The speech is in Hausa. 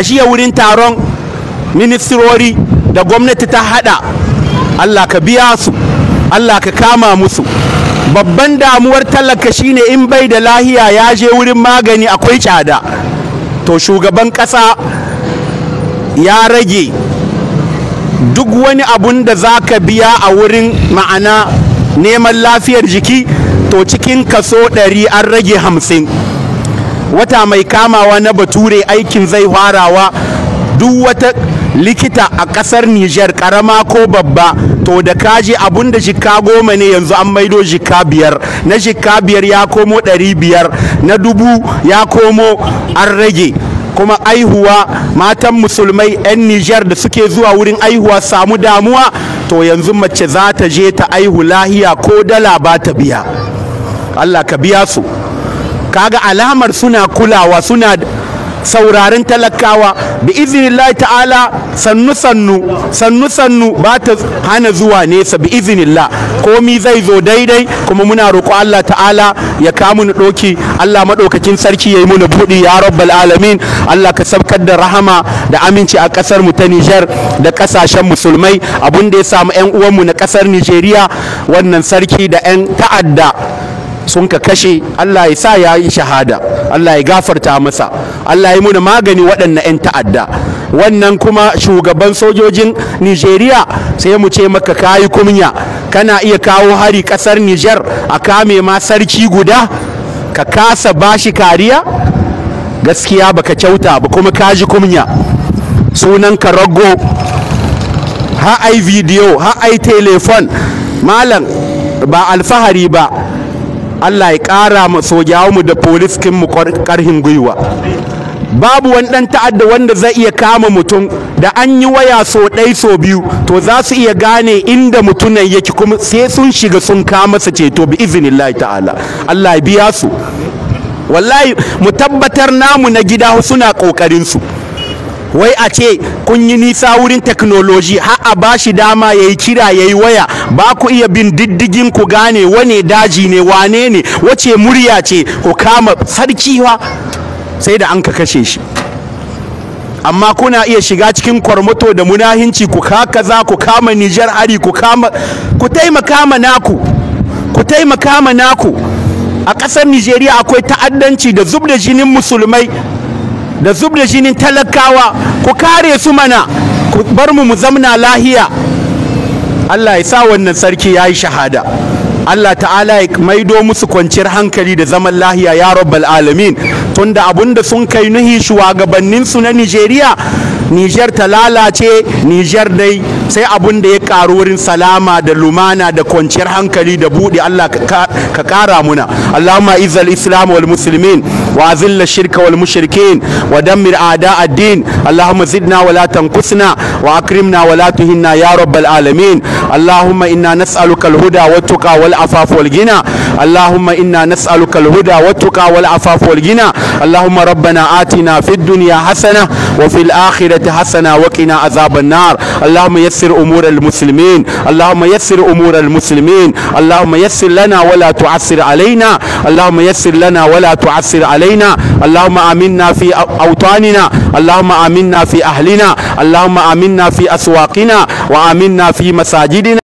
a shiya wurin taron ministrori da gwamnati ta hada allah ka biya su allah ka kama musu babban damuwar talaka shine in bai da lahiya ya je wurin magani akwai tsada to shugaban ƙasa ya rage duk wani abun da za ka biya a wurin ma'ana neman lafiyar jiki to cikin kaso 100 an rage hamsin. wata mai kamawa na bature aikin zai farawa duk wata likita a ƙasar Nijar karama ko babba to da kaji abun da jika goma ne yanzu an maido jika biyar na jika biyar ya komo ɗari biyar na dubu ya komo an rage kuma aihuwa matan musulmai 'yan Nijar da suke zuwa wurin aihuwa samu damuwa to yanzu mace za ta je ta aihu lahiya ko dala ba ta biya Allah ka biya su kaga alamar suna kulawa suna saurarin talakawa bi iznillahi ta'ala sannu sannu sannu sannu ba ta hana zuwa nesa bi iznillah komi zai zo daidai kuma muna roƙo Allah ta'ala ya kamu ɗoki Allah maɗaukakin sarki ya yi muna buɗi ya rabbal alamin Allah ka sabkar da rahama da aminci a ƙasar mu ta Nijar da ƙasashen musulmai abun da ya samu 'yan uwanmu na ƙasar Nijeriya wannan sarki da 'yan ta'adda sun ka kashe Allah ya sa ya yi shahada Allah ya gafarta masa Allah ya muna magani waɗannan 'yan ta'adda wannan kuma shugaban sojojin Nijeriya? sai mu ce maka kayi kunya. kana iya kawo hari ƙasar Nijar? a kame ma sarki guda ka kasa bashi kariya gaskiya baka kyauta ba kuma kaji kunya. sunan ka rago ha ai video ha ai telefon malam ba alfahari ba Allah ya ƙara mu mu da kin mu ƙarhin gwiwa babu wani ɗan ta'adda wanda zai iya kama mutum da an yi waya so ɗai so biyu to za su iya gane inda mutunan yake kuma sai sun shiga sun kama su ceto bi izinillahi ta'ala Allah ya biya su wallahi mu tabbatar namu na gida suna ƙoƙarinsu. su wai a ce kun yi nisa wurin teknoloji har a ba shi dama ya yi kira ya yi waya ba ku iya bin diddigin ku gane wane daji ne wane ne wace murya ce ku kama sarkiwa sai da an ka kashe shi amma kuna iya shiga cikin kwarmato da munahinci ku kaka kaza ku kama nijar ari ku kama ku taimaka ma naku ku taimaka ma naku a ƙasar nijeriya akwai ta'addanci da zub da jinin musulmai da zub da jinin talakawa ku kare su mana ku bar mu mu zamna lahiya Allah ya sa wannan sarki ya yi shahada Allah ta'ala ya maido musu kwanciyar hankali da zaman lahiya ya rabbal alamin tunda abinda sun kai nuhi shugabanninsu na Nijeriya Nijar ta lalace Nijar dai sai abun da ya karu wurin salama da lumana da kwanciyar hankali da buɗe Allah ka kara muna Allahumma izal islam wal muslimin wa azilla shirka wal mushrikin wa dammir a'da ad-din Allahumma zidna wa la tanqusna wa akrimna wa la tuhinna ya rabbal alamin Allahumma inna nas'aluka al-huda wat-tuqa wal afafa wal ghina اللهم إنا نسألك الهدى والتقى والعفاف والغنى اللهم ربنا آتنا في الدنيا حسنة وفي الآخرة حسنة وقنا عذاب النار اللهم يسر أمور المسلمين اللهم يسر أمور المسلمين اللهم يسر لنا ولا تعسر علينا اللهم يسر لنا ولا تعسر علينا اللهم آمنا في أوطاننا اللهم آمنا في أهلنا اللهم آمنا في أسواقنا وآمنا في مساجدنا